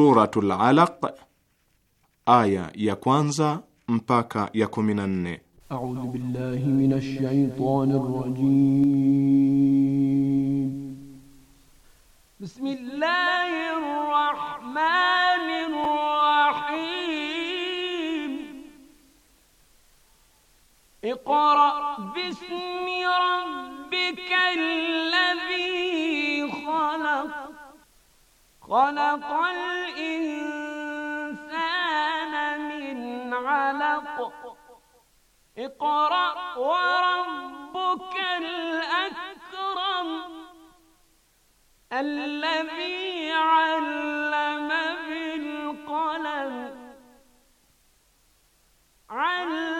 Suratul Alaq, aya ya kwanza mpaka ya kumi na nne. A'udhu billahi minash shaitanir rajim وربك الأكرم الذي علم بالقلم علم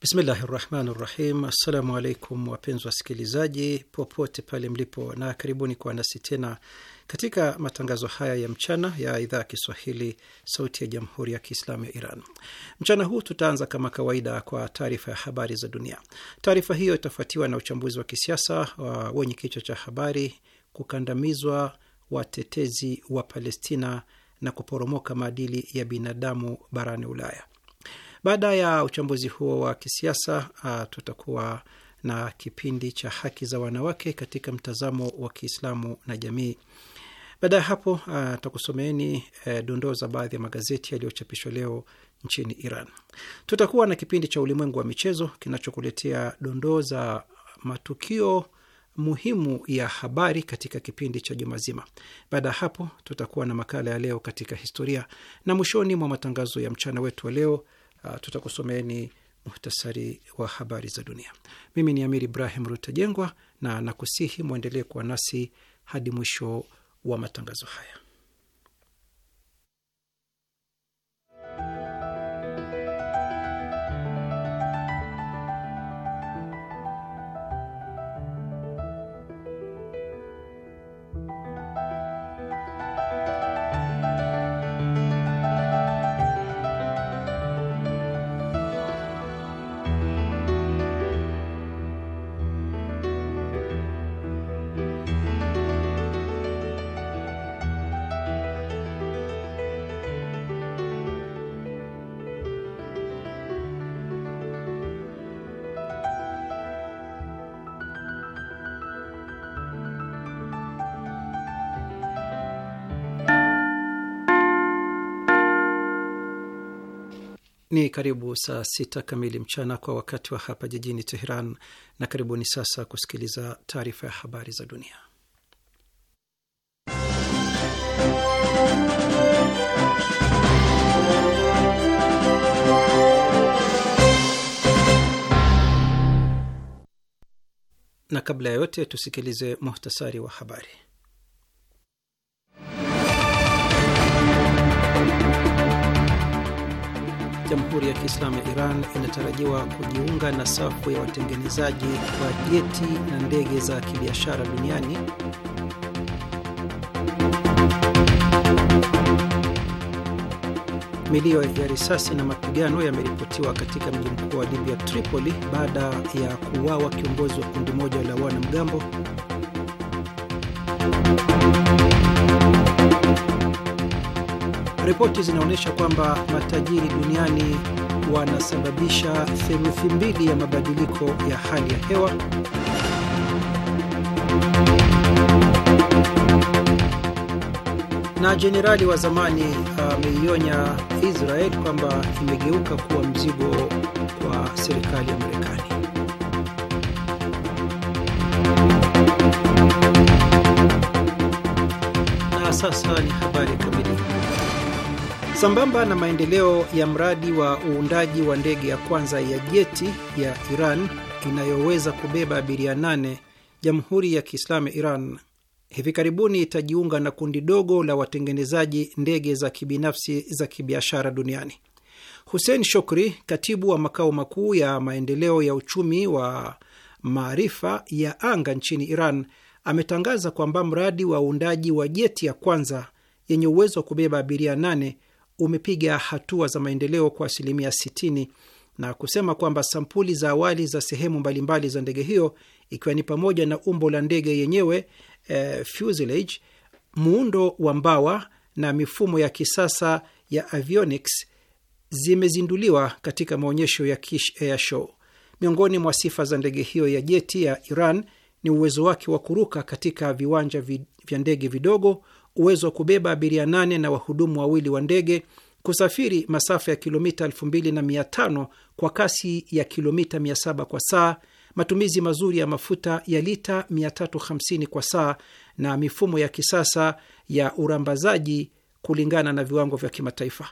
Bismillahi rahmani rahim. Assalamu alaikum wapenzi wasikilizaji popote pale mlipo, na karibuni kwa nasi tena katika matangazo haya ya mchana ya idhaa ya Kiswahili sauti ya jamhuri ya Kiislamu ya Iran. Mchana huu tutaanza kama kawaida kwa taarifa ya habari za dunia. Taarifa hiyo itafuatiwa na uchambuzi wa kisiasa wenye kichwa cha habari kukandamizwa watetezi wa Palestina na kuporomoka maadili ya binadamu barani Ulaya. Baada ya uchambuzi huo wa kisiasa, ah, tutakuwa na kipindi cha haki za wanawake katika mtazamo wa Kiislamu na jamii. Baada ya hapo, uh, dondoo za baadhi ya magazeti yaliyochapishwa leo nchini Iran. Tutakuwa na kipindi cha ulimwengu wa michezo kinachokuletea dondoo za matukio muhimu ya habari katika kipindi cha juma zima. Baada ya hapo, tutakuwa na makala ya leo katika historia, na mwishoni mwa matangazo ya mchana wetu wa leo uh, tutakusomeni muhtasari wa habari za dunia. Mimi ni Amir Ibrahim Rutajengwa na nakusihi mwendelee kuwa nasi hadi mwisho wa matangazo haya. Ni karibu saa sita kamili mchana kwa wakati wa hapa jijini Teheran, na karibuni sasa kusikiliza taarifa ya habari za dunia. Na kabla ya yote tusikilize muhtasari wa habari. Jamhuri ya Kiislamu ya Iran inatarajiwa kujiunga na safu ya watengenezaji wa jeti na ndege za kibiashara duniani. Milio ya risasi na mapigano yameripotiwa katika mji mkuu wa Libya, Tripoli, baada ya kuuawa kiongozi wa kundi moja la wanamgambo. Ripoti zinaonyesha kwamba matajiri duniani wanasababisha theluthi mbili ya mabadiliko ya hali ya hewa. Na jenerali wa zamani ameionya uh, Israel kwamba imegeuka kuwa mzigo kwa serikali ya Marekani. Na sasa ni habari kamili. Sambamba na maendeleo ya mradi wa uundaji wa ndege ya kwanza ya jeti ya Iran inayoweza kubeba abiria nane, Jamhuri ya Kiislamu ya Iran hivi karibuni itajiunga na kundi dogo la watengenezaji ndege za kibinafsi za kibiashara duniani. Hussein Shokri, katibu wa makao makuu ya maendeleo ya uchumi wa maarifa ya anga nchini Iran, ametangaza kwamba mradi wa uundaji wa jeti ya kwanza yenye uwezo wa kubeba abiria nane umepiga hatua za maendeleo kwa asilimia 60 na kusema kwamba sampuli za awali za sehemu mbalimbali za ndege hiyo ikiwa ni pamoja na umbo la ndege yenyewe eh, fuselage, muundo wa mbawa na mifumo ya kisasa ya avionics zimezinduliwa katika maonyesho ya Kish Air Show. Miongoni mwa sifa za ndege hiyo ya jeti ya Iran ni uwezo wake wa kuruka katika viwanja vya ndege vidogo uwezo wa kubeba abiria nane na wahudumu wawili wa ndege, kusafiri masafa ya kilomita 2500 kwa kasi ya kilomita 700 kwa saa, matumizi mazuri ya mafuta ya lita 350 kwa saa na mifumo ya kisasa ya urambazaji kulingana na viwango vya kimataifa.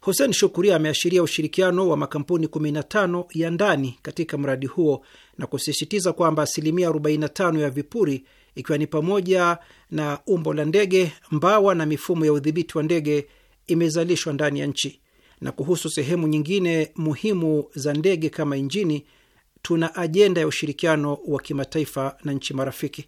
Hussein Shukuria ameashiria ushirikiano wa makampuni 15 ya ndani katika mradi huo na kusisitiza kwamba asilimia 45 ya vipuri ikiwa ni pamoja na umbo la ndege, mbawa na mifumo ya udhibiti wa ndege imezalishwa ndani ya nchi. Na kuhusu sehemu nyingine muhimu za ndege kama injini, tuna ajenda ya ushirikiano wa kimataifa na nchi marafiki.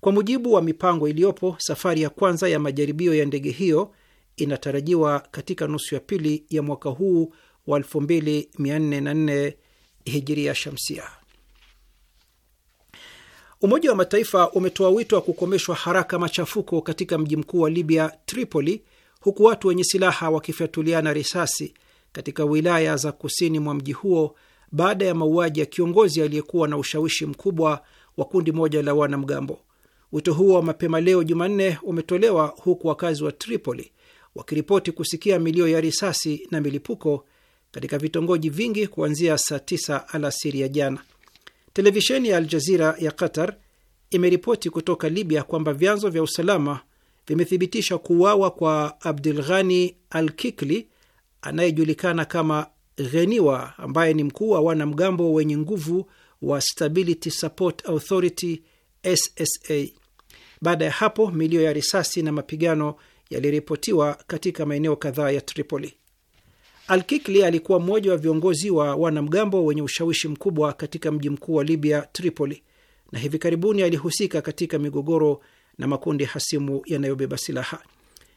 Kwa mujibu wa mipango iliyopo, safari ya kwanza ya majaribio ya ndege hiyo inatarajiwa katika nusu ya pili ya mwaka huu wa 2404 hijiria shamsia. Umoja wa Mataifa umetoa wito wa kukomeshwa haraka machafuko katika mji mkuu wa Libya, Tripoli, huku watu wenye silaha wakifyatuliana risasi katika wilaya za kusini mwa mji huo baada ya mauaji ya kiongozi aliyekuwa na ushawishi mkubwa wa kundi moja la wanamgambo. Wito huo wa mapema leo Jumanne umetolewa huku wakazi wa Tripoli wakiripoti kusikia milio ya risasi na milipuko katika vitongoji vingi kuanzia saa 9 alasiri ya jana. Televisheni ya Aljazira ya Qatar imeripoti kutoka Libya kwamba vyanzo vya usalama vimethibitisha kuuawa kwa Abdul Ghani Al Kikli anayejulikana kama Gheniwa, ambaye ni mkuu wa wanamgambo wenye nguvu wa Stability Support Authority SSA. Baada ya hapo, milio ya risasi na mapigano yaliripotiwa katika maeneo kadhaa ya Tripoli. Alkikli alikuwa mmoja wa viongozi wa wanamgambo wenye ushawishi mkubwa katika mji mkuu wa Libya, Tripoli, na hivi karibuni alihusika katika migogoro na makundi hasimu yanayobeba silaha.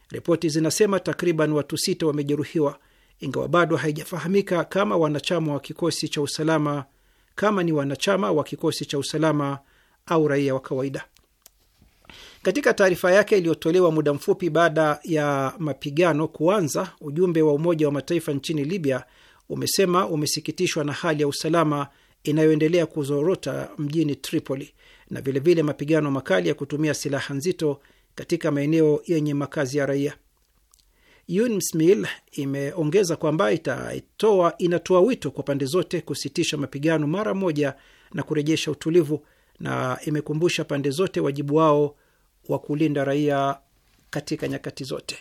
Ripoti zinasema takriban watu sita wamejeruhiwa, ingawa bado haijafahamika kama wanachama wa kikosi cha usalama, kama ni wanachama wa kikosi cha usalama au raia wa kawaida. Katika taarifa yake iliyotolewa muda mfupi baada ya mapigano kuanza, ujumbe wa Umoja wa Mataifa nchini Libya umesema umesikitishwa na hali ya usalama inayoendelea kuzorota mjini Tripoli na vilevile mapigano makali ya kutumia silaha nzito katika maeneo yenye makazi ya raia. UNSMIL imeongeza kwamba itatoa inatoa wito kwa pande zote kusitisha mapigano mara moja na kurejesha utulivu, na imekumbusha pande zote wajibu wao wa kulinda raia katika nyakati zote.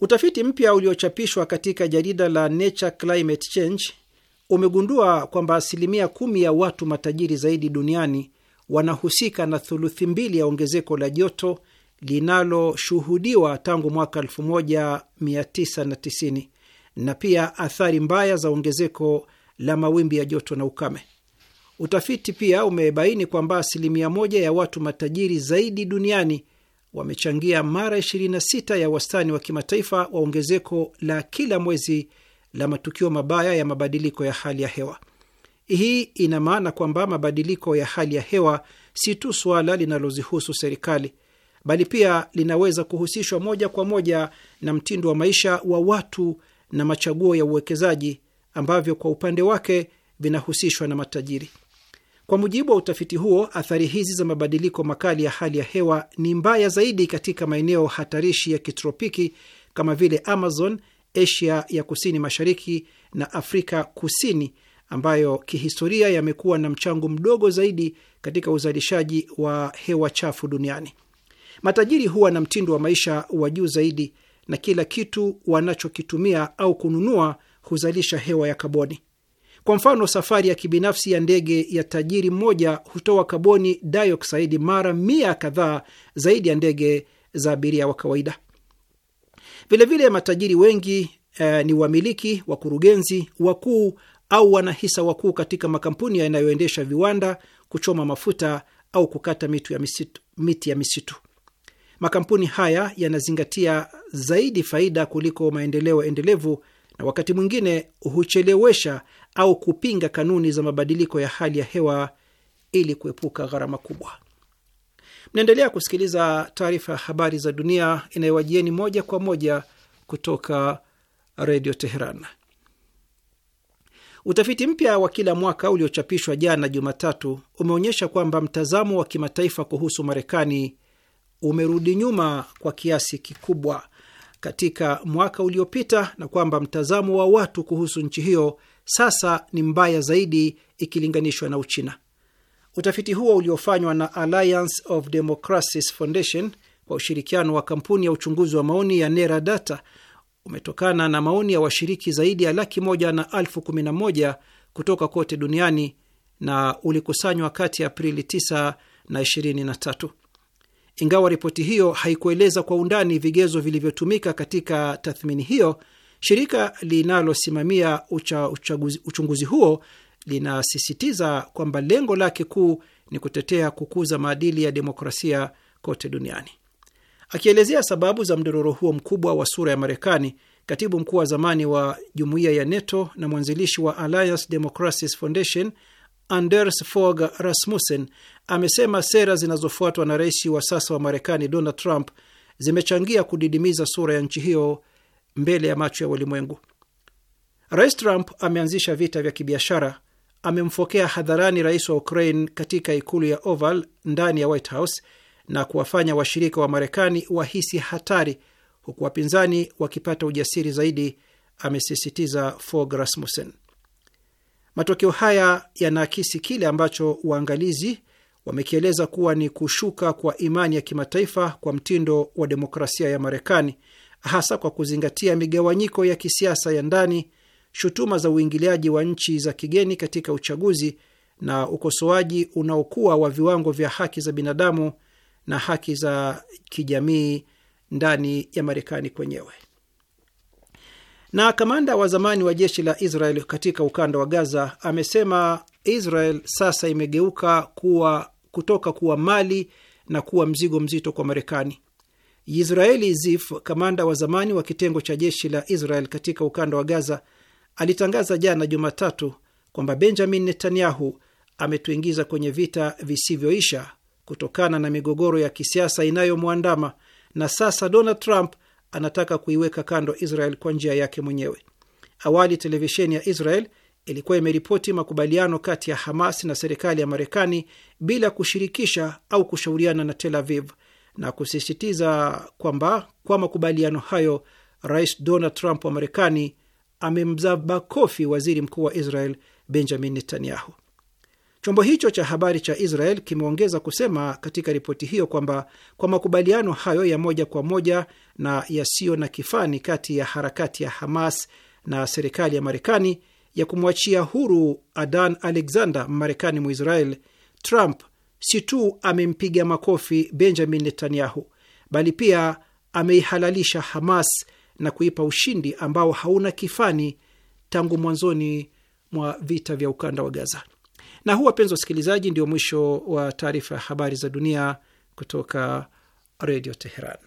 Utafiti mpya uliochapishwa katika jarida la Nature Climate Change umegundua kwamba asilimia kumi ya watu matajiri zaidi duniani wanahusika na thuluthi mbili ya ongezeko la joto linaloshuhudiwa tangu mwaka 1990 na pia athari mbaya za ongezeko la mawimbi ya joto na ukame. Utafiti pia umebaini kwamba asilimia moja ya watu matajiri zaidi duniani wamechangia mara 26 ya wastani wa kimataifa wa ongezeko la kila mwezi la matukio mabaya ya mabadiliko ya hali ya hewa. Hii ina maana kwamba mabadiliko ya hali ya hewa si tu suala linalozihusu serikali, bali pia linaweza kuhusishwa moja kwa moja na mtindo wa maisha wa watu na machaguo ya uwekezaji ambavyo kwa upande wake vinahusishwa na matajiri. Kwa mujibu wa utafiti huo, athari hizi za mabadiliko makali ya hali ya hewa ni mbaya zaidi katika maeneo hatarishi ya kitropiki kama vile Amazon, Asia ya kusini mashariki na Afrika kusini ambayo kihistoria yamekuwa na mchango mdogo zaidi katika uzalishaji wa hewa chafu duniani. Matajiri huwa na mtindo wa maisha wa juu zaidi na kila kitu wanachokitumia au kununua huzalisha hewa ya kaboni. Kwa mfano, safari ya kibinafsi ya ndege ya tajiri mmoja hutoa kaboni dioksidi mara mia kadhaa zaidi ya ndege za abiria wa kawaida. Vilevile, matajiri wengi eh, ni wamiliki, wakurugenzi wakuu au wanahisa wakuu katika makampuni yanayoendesha viwanda, kuchoma mafuta au kukata miti ya misitu, miti ya misitu. Makampuni haya yanazingatia zaidi faida kuliko maendeleo endelevu na wakati mwingine huchelewesha au kupinga kanuni za mabadiliko ya hali ya hewa ili kuepuka gharama kubwa. Mnaendelea kusikiliza taarifa ya habari za dunia inayowajieni moja kwa moja kutoka Redio Teheran. Utafiti mpya wa kila mwaka uliochapishwa jana Jumatatu umeonyesha kwamba mtazamo wa kimataifa kuhusu Marekani umerudi nyuma kwa kiasi kikubwa katika mwaka uliopita na kwamba mtazamo wa watu kuhusu nchi hiyo sasa ni mbaya zaidi ikilinganishwa na Uchina. Utafiti huo uliofanywa na Alliance of Democracies Foundation kwa ushirikiano wa kampuni ya uchunguzi wa maoni ya Nera Data umetokana na maoni ya washiriki zaidi ya laki moja na elfu kumi na moja kutoka kote duniani na ulikusanywa kati ya Aprili 9 na 23. Ingawa ripoti hiyo haikueleza kwa undani vigezo vilivyotumika katika tathmini hiyo, Shirika linalosimamia uchunguzi huo linasisitiza kwamba lengo lake kuu ni kutetea kukuza maadili ya demokrasia kote duniani. Akielezea sababu za mdororo huo mkubwa wa sura ya Marekani, katibu mkuu wa zamani wa jumuiya ya NATO na mwanzilishi wa Alliance Democracies Foundation Anders Fogh Rasmussen amesema sera zinazofuatwa na rais wa sasa wa Marekani Donald Trump zimechangia kudidimiza sura ya nchi hiyo mbele ya macho ya ulimwengu. Rais Trump ameanzisha vita vya kibiashara. Amemfokea hadharani rais wa Ukraine katika ikulu ya Oval ndani ya White House na kuwafanya washirika wa Marekani wahisi hatari, huku wapinzani wakipata ujasiri zaidi, amesisitiza Fogh Rasmussen. Matokeo haya yanaakisi kile ambacho waangalizi wamekieleza kuwa ni kushuka kwa imani ya kimataifa kwa mtindo wa demokrasia ya Marekani hasa kwa kuzingatia migawanyiko ya kisiasa ya ndani, shutuma za uingiliaji wa nchi za kigeni katika uchaguzi na ukosoaji unaokuwa wa viwango vya haki za binadamu na haki za kijamii ndani ya Marekani kwenyewe. Na kamanda wa zamani wa jeshi la Israel katika ukanda wa Gaza amesema Israel sasa imegeuka kuwa kutoka kuwa mali na kuwa mzigo mzito kwa Marekani. Yisraeli Zif, kamanda wa zamani wa kitengo cha jeshi la Israel katika ukanda wa Gaza, alitangaza jana Jumatatu kwamba Benjamin Netanyahu ametuingiza kwenye vita visivyoisha kutokana na migogoro ya kisiasa inayomwandama na sasa Donald Trump anataka kuiweka kando Israel kwa njia yake mwenyewe. Awali televisheni ya Israel ilikuwa imeripoti makubaliano kati ya Hamas na serikali ya Marekani bila kushirikisha au kushauriana na Tel Aviv, na kusisitiza kwamba kwa makubaliano hayo Rais Donald Trump wa Marekani amemzaba kofi waziri mkuu wa Israel Benjamin Netanyahu. Chombo hicho cha habari cha Israel kimeongeza kusema katika ripoti hiyo kwamba kwa makubaliano hayo ya moja kwa moja na yasiyo na kifani kati ya harakati ya Hamas na serikali ya Marekani ya kumwachia huru Adan Alexander, Mmarekani Muisrael, Trump si tu amempiga makofi Benjamin Netanyahu, bali pia ameihalalisha Hamas na kuipa ushindi ambao hauna kifani tangu mwanzoni mwa vita vya ukanda wa Gaza. Na huu, wapenzi wasikilizaji, ndio mwisho wa taarifa ya habari za dunia kutoka Redio Teheran.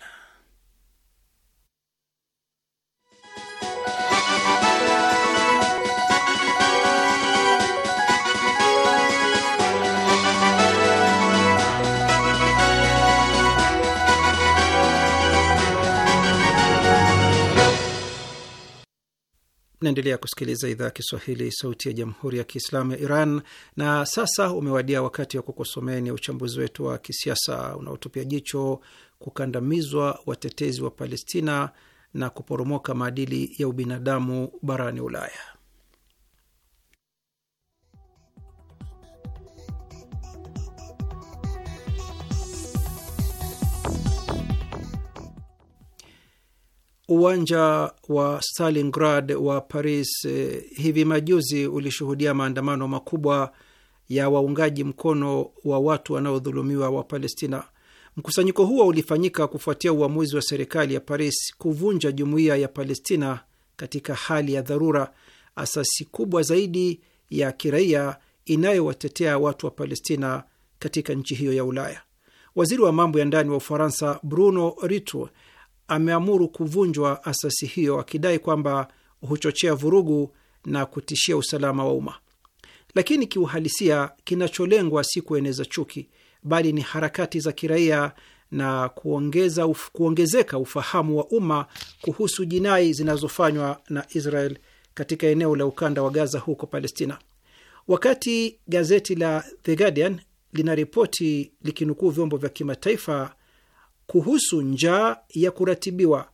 Naendelea kusikiliza idhaa ya Kiswahili, sauti ya jamhuri ya kiislamu ya Iran. Na sasa umewadia wakati wa kukosomeni uchambuzi wetu wa kisiasa unaotupia jicho kukandamizwa watetezi wa Palestina na kuporomoka maadili ya ubinadamu barani Ulaya. Uwanja wa Stalingrad wa Paris eh, hivi majuzi ulishuhudia maandamano makubwa ya waungaji mkono wa watu wanaodhulumiwa wa Palestina. Mkusanyiko huo ulifanyika kufuatia uamuzi wa serikali ya Paris kuvunja jumuiya ya Palestina katika hali ya dharura, asasi kubwa zaidi ya kiraia inayowatetea watu wa Palestina katika nchi hiyo ya Ulaya. Waziri wa mambo ya ndani wa Ufaransa Bruno Rito ameamuru kuvunjwa asasi hiyo akidai kwamba huchochea vurugu na kutishia usalama wa umma. Lakini kiuhalisia, kinacholengwa si kueneza chuki, bali ni harakati za kiraia na kuongeza uf, kuongezeka ufahamu wa umma kuhusu jinai zinazofanywa na Israel katika eneo la ukanda wa Gaza huko Palestina. Wakati gazeti la The Guardian linaripoti likinukuu vyombo vya kimataifa kuhusu njaa ya kuratibiwa,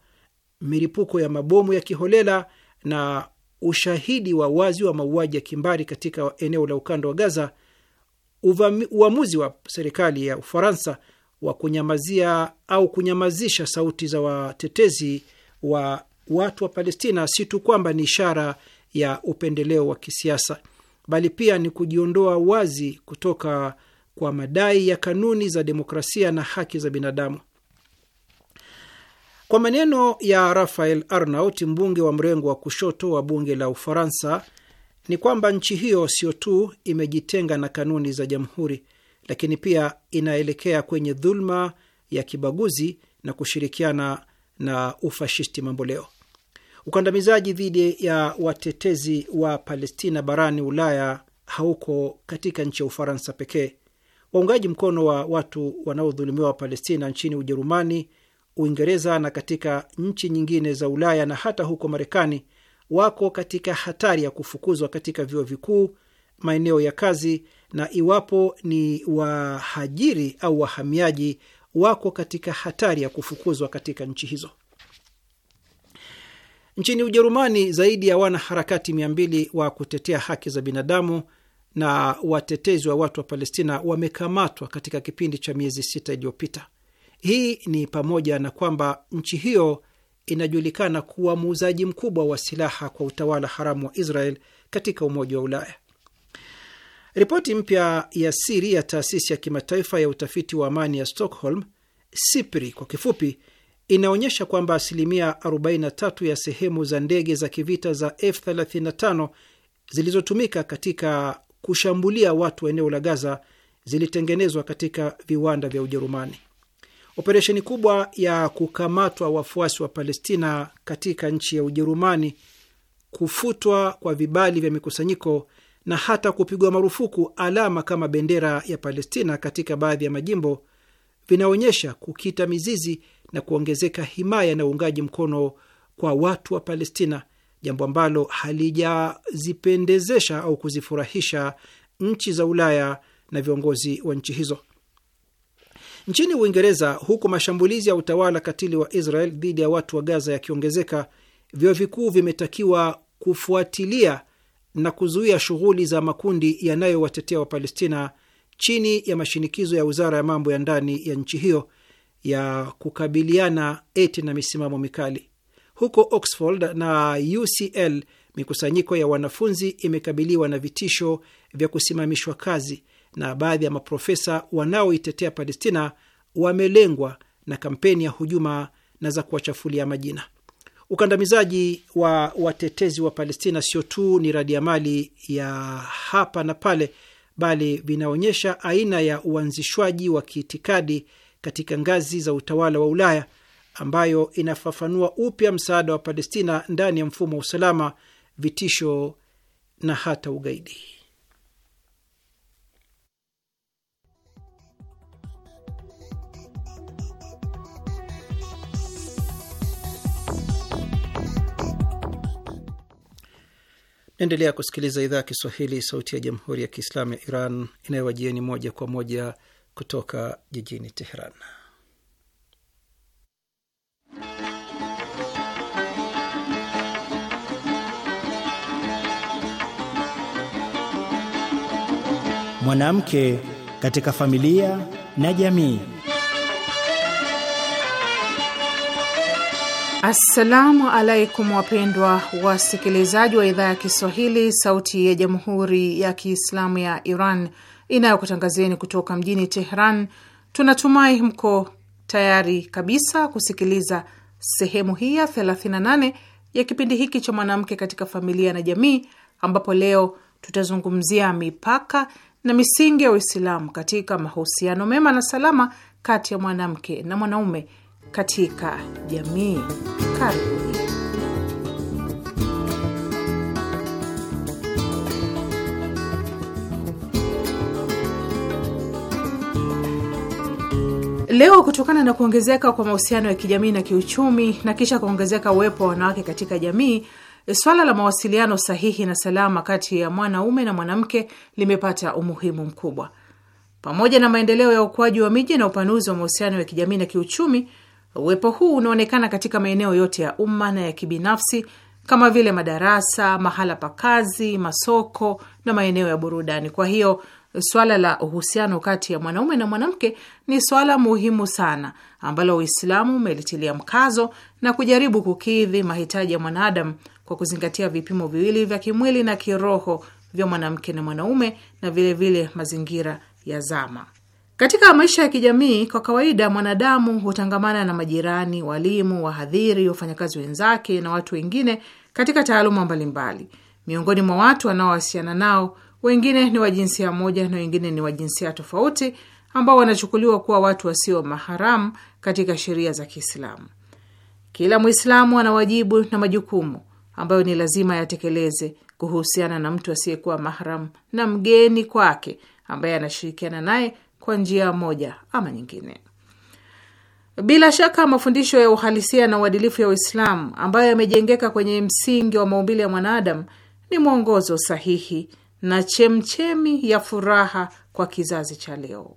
milipuko ya mabomu ya kiholela na ushahidi wa wazi wa mauaji ya kimbari katika eneo la ukanda wa Gaza, uvami, uamuzi wa serikali ya Ufaransa wa kunyamazia au kunyamazisha sauti za watetezi wa watu wa Palestina si tu kwamba ni ishara ya upendeleo wa kisiasa, bali pia ni kujiondoa wazi kutoka kwa madai ya kanuni za demokrasia na haki za binadamu. Kwa maneno ya Rafael Arnaut, mbunge wa mrengo wa kushoto wa bunge la Ufaransa, ni kwamba nchi hiyo sio tu imejitenga na kanuni za jamhuri, lakini pia inaelekea kwenye dhuluma ya kibaguzi na kushirikiana na ufashisti mamboleo. Ukandamizaji dhidi ya watetezi wa Palestina barani Ulaya hauko katika nchi ya Ufaransa pekee. Waungaji mkono wa watu wanaodhulumiwa wa Palestina nchini Ujerumani Uingereza na katika nchi nyingine za Ulaya na hata huko Marekani wako katika hatari ya kufukuzwa katika vyuo vikuu, maeneo ya kazi, na iwapo ni wahajiri au wahamiaji, wako katika hatari ya kufukuzwa katika nchi hizo. Nchini Ujerumani, zaidi ya wanaharakati mia mbili wa kutetea haki za binadamu na watetezi wa watu wa Palestina wamekamatwa katika kipindi cha miezi sita iliyopita hii ni pamoja na kwamba nchi hiyo inajulikana kuwa muuzaji mkubwa wa silaha kwa utawala haramu wa Israel katika Umoja wa Ulaya. Ripoti mpya ya siri ya taasisi ya kimataifa ya utafiti wa amani ya Stockholm, SIPRI kwa kifupi, inaonyesha kwamba asilimia 43 ya sehemu za ndege za kivita za F35 zilizotumika katika kushambulia watu wa eneo la Gaza zilitengenezwa katika viwanda vya Ujerumani. Operesheni kubwa ya kukamatwa wafuasi wa Palestina katika nchi ya Ujerumani, kufutwa kwa vibali vya mikusanyiko na hata kupigwa marufuku alama kama bendera ya Palestina katika baadhi ya majimbo vinaonyesha kukita mizizi na kuongezeka himaya na uungaji mkono kwa watu wa Palestina, jambo ambalo halijazipendezesha au kuzifurahisha nchi za Ulaya na viongozi wa nchi hizo. Nchini Uingereza, huku mashambulizi ya utawala katili wa Israel dhidi ya watu wa Gaza yakiongezeka, vyuo vikuu vimetakiwa kufuatilia na kuzuia shughuli za makundi yanayowatetea Wapalestina chini ya mashinikizo ya wizara ya mambo ya ndani ya nchi hiyo ya kukabiliana eti na misimamo mikali. Huko Oxford na UCL, mikusanyiko ya wanafunzi imekabiliwa na vitisho vya kusimamishwa kazi na baadhi ya maprofesa wanaoitetea Palestina wamelengwa na kampeni ya hujuma na za kuwachafulia majina. Ukandamizaji wa watetezi wa Palestina sio tu ni radiamali ya hapa na pale, bali vinaonyesha aina ya uanzishwaji wa kiitikadi katika ngazi za utawala wa Ulaya ambayo inafafanua upya msaada wa Palestina ndani ya mfumo wa usalama, vitisho na hata ugaidi. Naendelea kusikiliza idhaa ya Kiswahili, sauti ya jamhuri ya kiislamu ya Iran inayowajieni moja kwa moja kutoka jijini Teheran. Mwanamke katika familia na jamii. Assalamu alaikum wapendwa wasikilizaji wa idhaa ya Kiswahili, sauti ya jamhuri ya kiislamu ya Iran inayokutangazieni kutoka mjini Tehran. Tunatumai mko tayari kabisa kusikiliza sehemu hii ya 38 ya kipindi hiki cha mwanamke katika familia na jamii, ambapo leo tutazungumzia mipaka na misingi ya Uislamu katika mahusiano mema na salama kati ya mwanamke na mwanaume katika jamii. Karibuni. Leo kutokana na kuongezeka kwa mahusiano ya kijamii na kiuchumi na kisha kuongezeka uwepo wa wanawake katika jamii, swala la mawasiliano sahihi na salama kati ya mwanaume na mwanamke limepata umuhimu mkubwa. Pamoja na maendeleo ya ukuaji wa miji na upanuzi wa mahusiano ya kijamii na kiuchumi, Uwepo huu unaonekana katika maeneo yote ya umma na ya kibinafsi kama vile madarasa, mahala pa kazi, masoko na maeneo ya burudani. Kwa hiyo swala la uhusiano kati ya mwanaume na mwanamke ni swala muhimu sana ambalo Uislamu umelitilia mkazo na kujaribu kukidhi mahitaji ya mwanadamu kwa kuzingatia vipimo viwili vya kimwili na kiroho vya mwanamke na mwanaume na vilevile vile mazingira ya zama. Katika maisha ya kijamii kwa kawaida, mwanadamu hutangamana na majirani, walimu, wahadhiri, wafanyakazi wenzake na watu wengine katika taaluma mbalimbali. Miongoni mwa watu wanaowasiliana nao, wengine ni wa jinsia moja na wengine ni wa jinsia tofauti, ambao wanachukuliwa kuwa watu wasio maharamu katika sheria za Kiislamu. Kila Mwislamu ana wajibu na majukumu ambayo ni lazima yatekeleze kuhusiana na mtu asiyekuwa mahram na mgeni kwake ambaye anashirikiana naye kwa njia moja ama nyingine. Bila shaka mafundisho ya uhalisia na uadilifu ya Uislamu ambayo yamejengeka kwenye msingi wa maumbile ya mwanadamu ni mwongozo sahihi na chemchemi ya furaha kwa kizazi cha leo.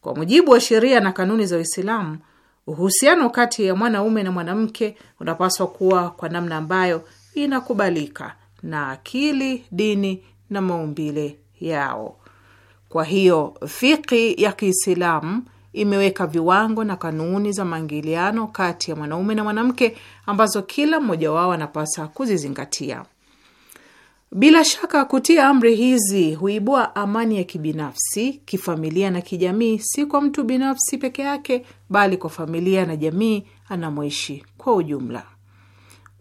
Kwa mujibu wa sheria na kanuni za Uislamu, uhusiano kati ya mwanaume na mwanamke unapaswa kuwa kwa namna ambayo inakubalika na akili, dini na maumbile yao. Kwa hiyo fiki ya Kiislamu imeweka viwango na kanuni za maingiliano kati ya mwanaume na mwanamke ambazo kila mmoja wao anapasa kuzizingatia. Bila shaka kutia amri hizi huibua amani ya kibinafsi, kifamilia na kijamii, si kwa mtu binafsi peke yake, bali kwa familia na jamii anamoishi kwa ujumla.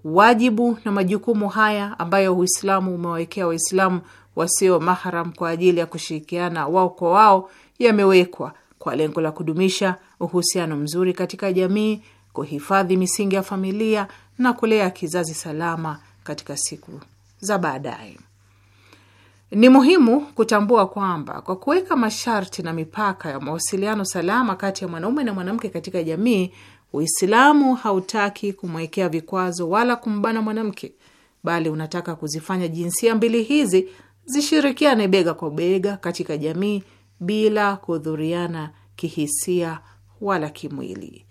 Wajibu na majukumu haya ambayo Uislamu umewawekea Waislamu wasio mahram kwa ajili ya kushirikiana wao kwa wao yamewekwa kwa lengo la kudumisha uhusiano mzuri katika jamii, kuhifadhi misingi ya familia na kulea kizazi salama katika siku za baadaye. Ni muhimu kutambua kwamba kwa kuweka masharti na mipaka ya mawasiliano salama kati ya mwanaume na mwanamke katika jamii, Uislamu hautaki kumwekea vikwazo wala kumbana mwanamke, bali unataka kuzifanya jinsia mbili hizi zishirikiane bega kwa bega katika jamii bila kudhuriana kihisia wala kimwili.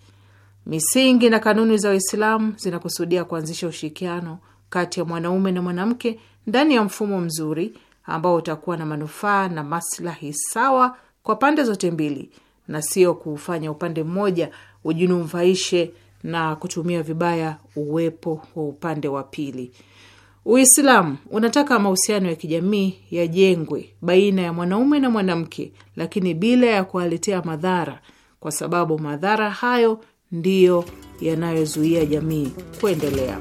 Misingi na kanuni za Uislamu zinakusudia kuanzisha ushirikiano kati ya mwanaume na mwanamke ndani ya mfumo mzuri ambao utakuwa na manufaa na maslahi sawa kwa pande zote mbili, na sio kuufanya upande mmoja ujinufaishe na kutumia vibaya uwepo wa upande wa pili. Uislamu unataka mahusiano ya kijamii yajengwe baina ya mwanaume na mwanamke, lakini bila ya kuwaletea madhara, kwa sababu madhara hayo ndiyo yanayozuia jamii kuendelea.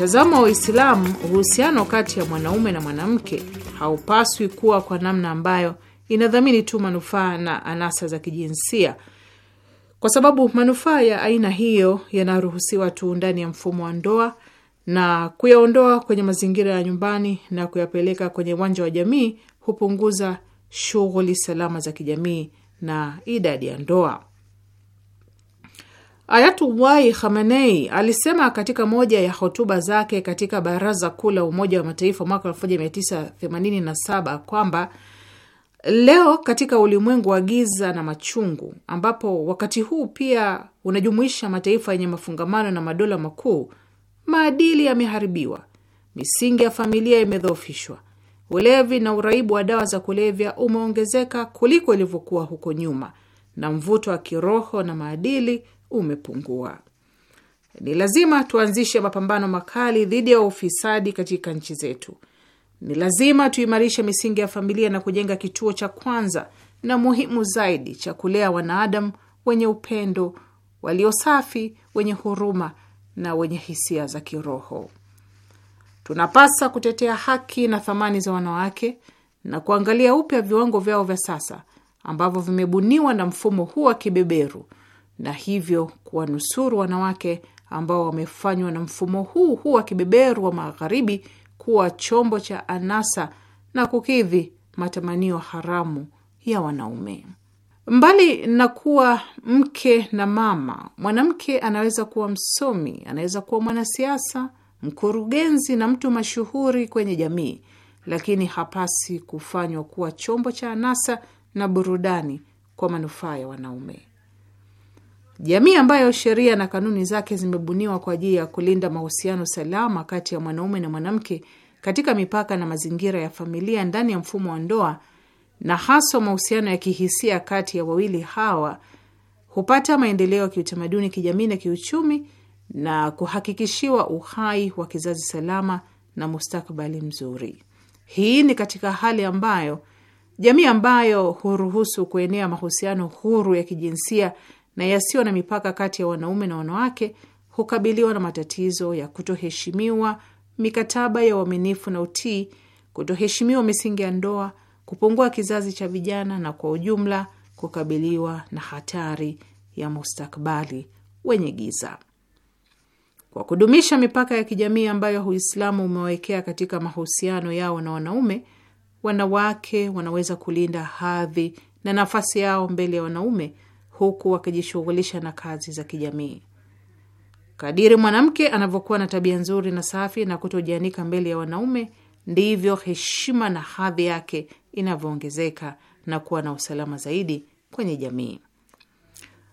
mtazamo wa Uislamu, uhusiano kati ya mwanaume na mwanamke haupaswi kuwa kwa namna ambayo inadhamini tu manufaa na anasa za kijinsia, kwa sababu manufaa ya aina hiyo yanaruhusiwa tu ndani ya mfumo wa ndoa, na kuyaondoa kwenye mazingira ya nyumbani na kuyapeleka kwenye uwanja wa jamii hupunguza shughuli salama za kijamii na idadi ya ndoa. Ayatullahi Khamenei alisema katika moja ya hotuba zake katika Baraza Kuu la Umoja wa Mataifa mwaka 1987 kwamba leo katika ulimwengu wa giza na machungu, ambapo wakati huu pia unajumuisha mataifa yenye mafungamano na madola makuu, maadili yameharibiwa, misingi ya familia imedhoofishwa, ulevi na uraibu wa dawa za kulevya umeongezeka kuliko ilivyokuwa huko nyuma, na mvuto wa kiroho na maadili umepungua. Ni lazima tuanzishe mapambano makali dhidi ya ufisadi katika nchi zetu. Ni lazima tuimarishe misingi ya familia na kujenga kituo cha kwanza na muhimu zaidi cha kulea wanaadamu wenye upendo, walio safi, wenye huruma na wenye hisia za kiroho. Tunapasa kutetea haki na thamani za wanawake na kuangalia upya viwango vyao vya sasa ambavyo vimebuniwa na mfumo huu wa kibeberu na hivyo kuwanusuru wanawake ambao wamefanywa na mfumo huu huu wa kibeberu wa magharibi kuwa chombo cha anasa na kukidhi matamanio haramu ya wanaume. Mbali na kuwa mke na mama, mwanamke anaweza kuwa msomi, anaweza kuwa mwanasiasa, mkurugenzi na mtu mashuhuri kwenye jamii, lakini hapasi kufanywa kuwa chombo cha anasa na burudani kwa manufaa ya wanaume. Jamii ambayo sheria na kanuni zake zimebuniwa kwa ajili ya kulinda mahusiano salama kati ya mwanaume na mwanamke katika mipaka na mazingira ya familia ndani ya mfumo wa ndoa, na haswa mahusiano ya kihisia kati ya wawili hawa, hupata maendeleo ya kiutamaduni, kijamii na kiuchumi na kuhakikishiwa uhai wa kizazi salama na mustakabali mzuri. Hii ni katika hali ambayo jamii ambayo huruhusu kuenea mahusiano huru ya kijinsia na yasiyo na mipaka kati ya wanaume na wanawake hukabiliwa na matatizo ya kutoheshimiwa mikataba ya uaminifu na utii, kutoheshimiwa misingi ya ndoa, kupungua kizazi cha vijana na kwa ujumla kukabiliwa na hatari ya mustakbali wenye giza. Kwa kudumisha mipaka ya kijamii ambayo Uislamu umewawekea katika mahusiano yao na wanaume, wanawake wanaweza kulinda hadhi na nafasi yao mbele ya wanaume huku wakijishughulisha na kazi za kijamii. Kadiri mwanamke anavyokuwa na tabia nzuri na safi na kutojianika mbele ya wanaume, ndivyo heshima na hadhi yake inavyoongezeka na kuwa na usalama zaidi kwenye jamii.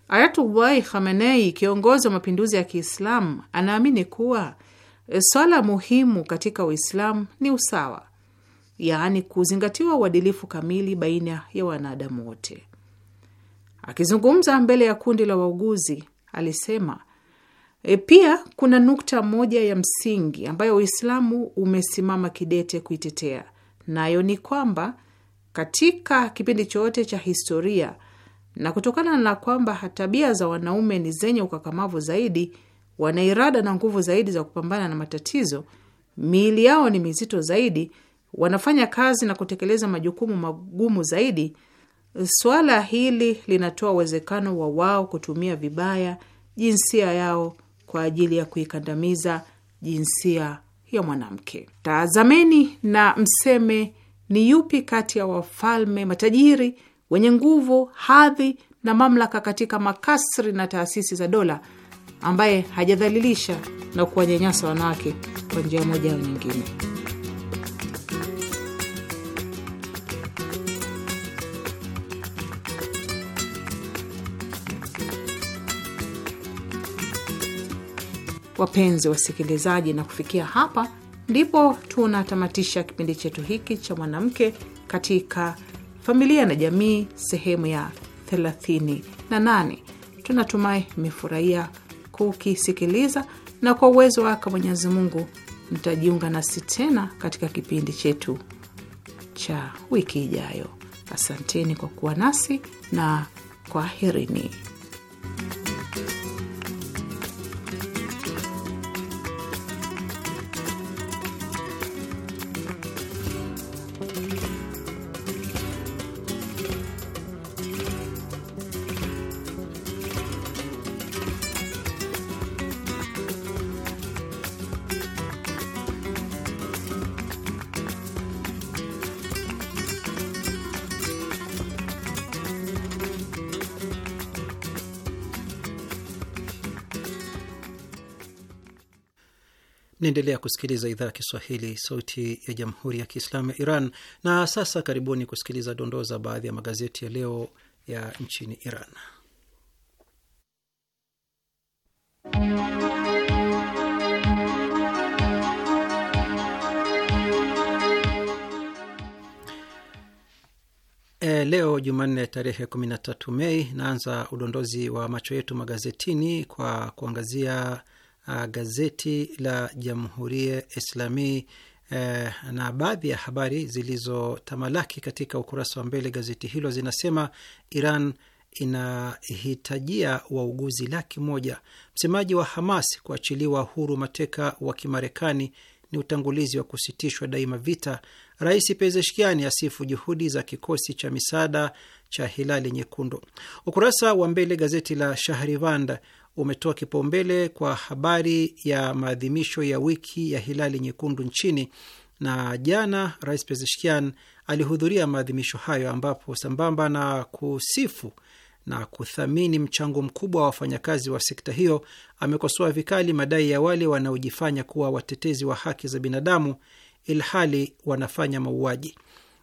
Ayatullahi Khamenei, kiongozi wa mapinduzi ya Kiislamu, anaamini kuwa eh, swala muhimu katika Uislamu ni usawa, yaani kuzingatiwa uadilifu kamili baina ya wanadamu wote. Akizungumza mbele ya kundi la wauguzi alisema e, pia kuna nukta moja ya msingi ambayo Uislamu umesimama kidete kuitetea, nayo ni kwamba katika kipindi chote cha historia na kutokana na kwamba tabia za wanaume ni zenye ukakamavu zaidi, wana irada na nguvu zaidi za kupambana na matatizo, miili yao ni mizito zaidi, wanafanya kazi na kutekeleza majukumu magumu zaidi Swala hili linatoa uwezekano wa wao kutumia vibaya jinsia yao kwa ajili ya kuikandamiza jinsia ya mwanamke. Tazameni na mseme ni yupi kati ya wafalme matajiri wenye nguvu, hadhi na mamlaka katika makasri na taasisi za dola ambaye hajadhalilisha na kuwanyanyasa wanawake kwa njia moja au nyingine. wapenzi wasikilizaji, na kufikia hapa ndipo tunatamatisha kipindi chetu hiki cha mwanamke katika familia na jamii sehemu ya 38. Tunatumai mmefurahia kukisikiliza na kwa uwezo wake Mwenyezi Mungu mtajiunga nasi tena katika kipindi chetu cha wiki ijayo. Asanteni kwa kuwa nasi na kwaherini. Naendelea kusikiliza idhaa ya Kiswahili, sauti ya jamhuri ya kiislamu ya Iran. Na sasa karibuni kusikiliza dondoo za baadhi ya magazeti ya leo ya nchini Iran. E, leo Jumanne tarehe 13 Mei, naanza udondozi wa macho yetu magazetini kwa kuangazia uh, gazeti la Jamhuria Islami eh, na baadhi ya habari zilizotamalaki katika ukurasa wa mbele gazeti hilo zinasema Iran inahitajia wauguzi laki moja. Msemaji wa Hamas kuachiliwa huru mateka wa Kimarekani ni utangulizi wa kusitishwa daima vita. Rais Pezeshkiani asifu juhudi za kikosi cha misaada cha Hilali Nyekundu. Ukurasa wa mbele gazeti la Shahrivand umetoa kipaumbele kwa habari ya maadhimisho ya wiki ya Hilali Nyekundu nchini, na jana Rais Pezeshkian alihudhuria maadhimisho hayo, ambapo sambamba na kusifu na kuthamini mchango mkubwa wa wafanyakazi wa sekta hiyo, amekosoa vikali madai ya wale wanaojifanya kuwa watetezi wa haki za binadamu ilhali wanafanya mauaji.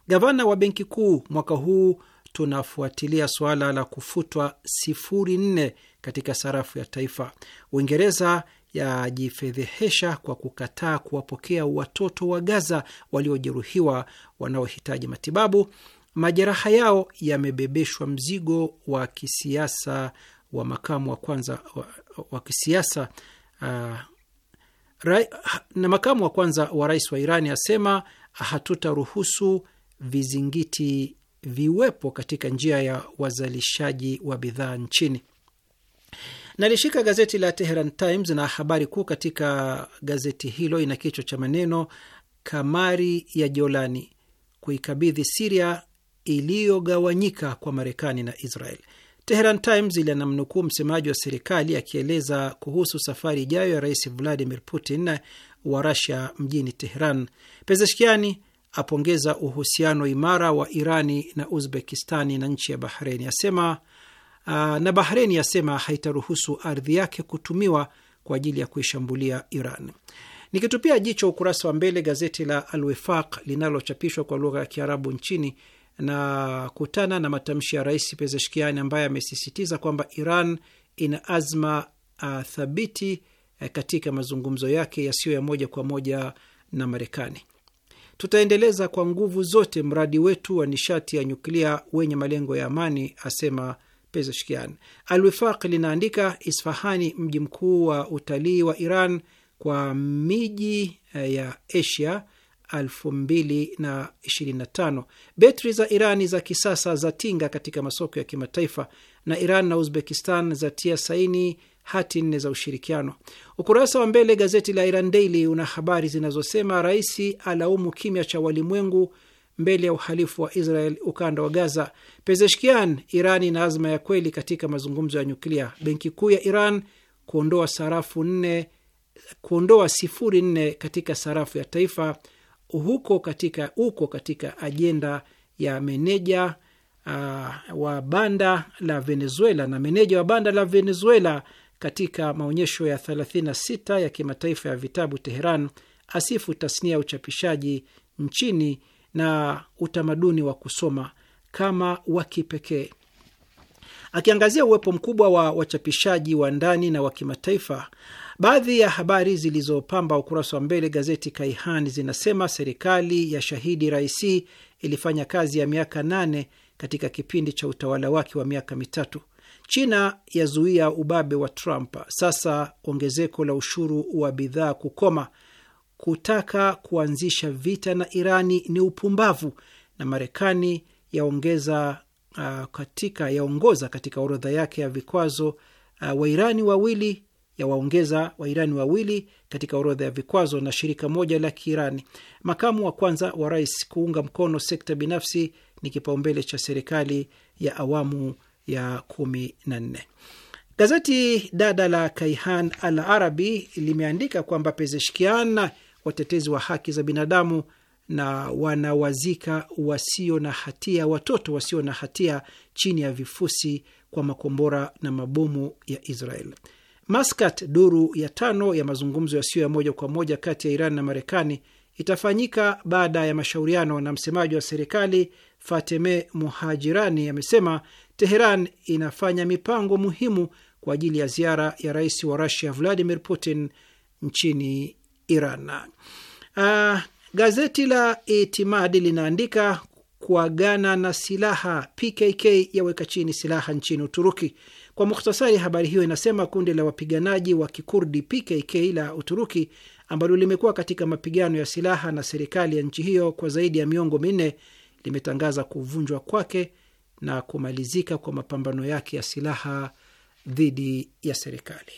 Gavana wa Benki Kuu: mwaka huu tunafuatilia suala la kufutwa sifuri nne katika sarafu ya taifa. Uingereza yajifedhehesha kwa kukataa kuwapokea watoto wa Gaza waliojeruhiwa wanaohitaji matibabu. Majeraha yao yamebebeshwa mzigo wa kisiasa wa makamu wa kwanza wa, wa kisiasa uh, ra, na makamu wa kwanza wa rais wa Irani asema hatutaruhusu vizingiti viwepo katika njia ya wazalishaji wa bidhaa nchini. Nalishika gazeti la Teheran Times na habari kuu katika gazeti hilo ina kichwa cha maneno kamari ya Jolani kuikabidhi Siria iliyogawanyika kwa Marekani na Israel. Teheran Times ilinamnukuu msemaji wa serikali akieleza kuhusu safari ijayo ya Rais Vladimir Putin wa rasia mjini Teheran. Pezeshkiani apongeza uhusiano imara wa Irani na Uzbekistani na nchi ya Bahrein, asema Ah, na Bahrein yasema haitaruhusu ardhi yake kutumiwa kwa ajili ya kuishambulia Iran. Nikitupia jicho ukurasa wa mbele gazeti la Al Wefaq linalochapishwa kwa lugha ya Kiarabu nchini na kutana na matamshi ya Rais pezeshkiani ambaye amesisitiza kwamba Iran ina azma uh, thabiti uh, katika mazungumzo yake yasiyo ya moja kwa moja na Marekani. Tutaendeleza kwa nguvu zote mradi wetu wa nishati ya nyuklia wenye malengo ya amani, asema Pezeshkian. Alwifaq linaandika Isfahani, mji mkuu wa utalii wa Iran kwa miji eh, ya Asia 2025. Betri za Irani za kisasa za tinga katika masoko ya kimataifa, na Iran na Uzbekistan zatia saini hati nne za ushirikiano. Ukurasa wa mbele gazeti la Iran Daily una habari zinazosema rais alaumu kimya cha walimwengu mbele ya uhalifu wa Israel ukanda wa Gaza. Pezeshkian, Iran ina azma ya kweli katika mazungumzo ya nyuklia. Benki Kuu ya Iran kuondoa sarafu nne, kuondoa sifuri nne katika sarafu ya taifa huko katika, huko katika ajenda ya meneja uh, wa banda la Venezuela na meneja wa banda la Venezuela katika maonyesho ya 36 ya kimataifa ya vitabu Teheran asifu tasnia ya uchapishaji nchini na utamaduni wa kusoma kama wa kipekee. Akiangazia uwepo mkubwa wa wachapishaji wa ndani na wa kimataifa, baadhi ya habari zilizopamba ukurasa wa mbele gazeti Kaihan zinasema serikali ya shahidi Raisi ilifanya kazi ya miaka nane katika kipindi cha utawala wake wa miaka mitatu. China yazuia ubabe wa Trump, sasa ongezeko la ushuru wa bidhaa kukoma kutaka kuanzisha vita na Irani ni upumbavu na Marekani yaongeza uh, katika yaongoza katika orodha yake ya vikwazo uh, Wairani wawili yawaongeza Wairani wawili katika orodha ya vikwazo na shirika moja la Kiirani. Makamu wa kwanza wa rais kuunga mkono sekta binafsi ni kipaumbele cha serikali ya awamu ya kumi na nne. Gazeti dada la Kaihan Al Arabi limeandika kwamba Pezeshkian watetezi wa haki za binadamu na wanawazika wasio na hatia watoto wasio na hatia chini ya vifusi kwa makombora na mabomu ya Israel. Maskat, duru ya tano ya mazungumzo yasiyo ya moja kwa moja kati ya Iran na Marekani itafanyika baada ya mashauriano, na msemaji wa serikali Fateme Muhajirani amesema Teheran inafanya mipango muhimu kwa ajili ya ziara ya rais wa Rusia Vladimir Putin nchini Iran. Uh, gazeti la Itimadi linaandika kuagana na silaha, PKK yaweka chini silaha nchini Uturuki. Kwa mukhtasari, habari hiyo inasema kundi la wapiganaji wa kikurdi PKK la Uturuki ambalo limekuwa katika mapigano ya silaha na serikali ya nchi hiyo kwa zaidi ya miongo minne limetangaza kuvunjwa kwake na kumalizika kwa mapambano yake ya silaha dhidi ya serikali.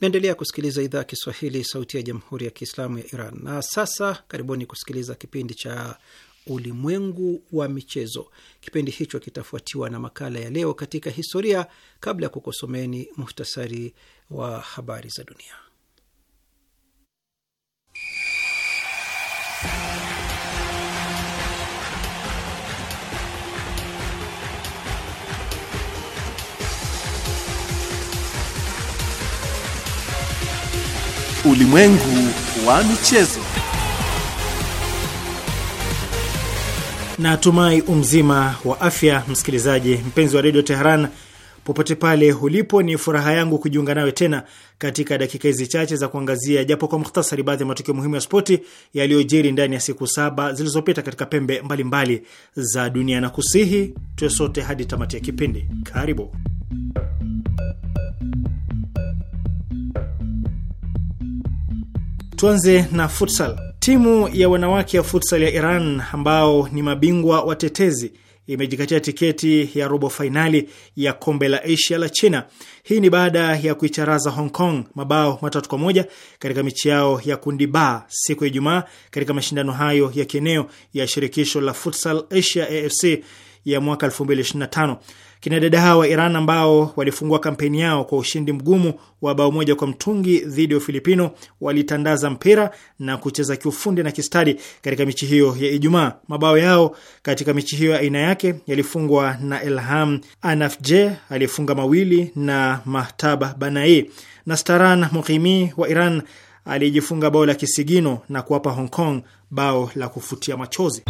Naendelea kusikiliza idhaa ya Kiswahili, sauti ya jamhuri ya kiislamu ya Iran. Na sasa karibuni kusikiliza kipindi cha Ulimwengu wa Michezo. Kipindi hicho kitafuatiwa na makala ya Leo katika Historia, kabla ya kukosomeni muhtasari wa habari za dunia. Ulimwengu wa michezo. Natumai umzima wa afya, msikilizaji mpenzi wa redio Teheran popote pale ulipo. Ni furaha yangu kujiunga nawe tena katika dakika hizi chache za kuangazia japo kwa muhtasari baadhi ya matukio muhimu ya spoti yaliyojiri ndani ya siku saba zilizopita katika pembe mbalimbali mbali za dunia, na kusihi tuwe sote hadi tamati ya kipindi. Karibu. Tuanze na futsal. Timu ya wanawake ya futsal ya Iran ambao ni mabingwa watetezi imejikatia tiketi ya robo fainali ya kombe la Asia la China. Hii ni baada ya kuicharaza Hong Kong mabao matatu kwa moja katika michi yao ya kundi ba siku ya Ijumaa katika mashindano hayo ya kieneo ya shirikisho la futsal Asia AFC ya mwaka 2025 dada hawa wa Iran ambao walifungua kampeni yao kwa ushindi mgumu wa bao moja kwa mtungi dhidi ya Ufilipino walitandaza mpira na kucheza kiufundi na kistadi katika michi hiyo ya Ijumaa. Mabao yao katika michi hiyo ya aina yake yalifungwa na Elham Anafj aliyefunga mawili na Mahtaba Banai, na Staran Muqimi wa Iran aliyejifunga bao la kisigino na kuwapa Hong Kong bao la kufutia machozi.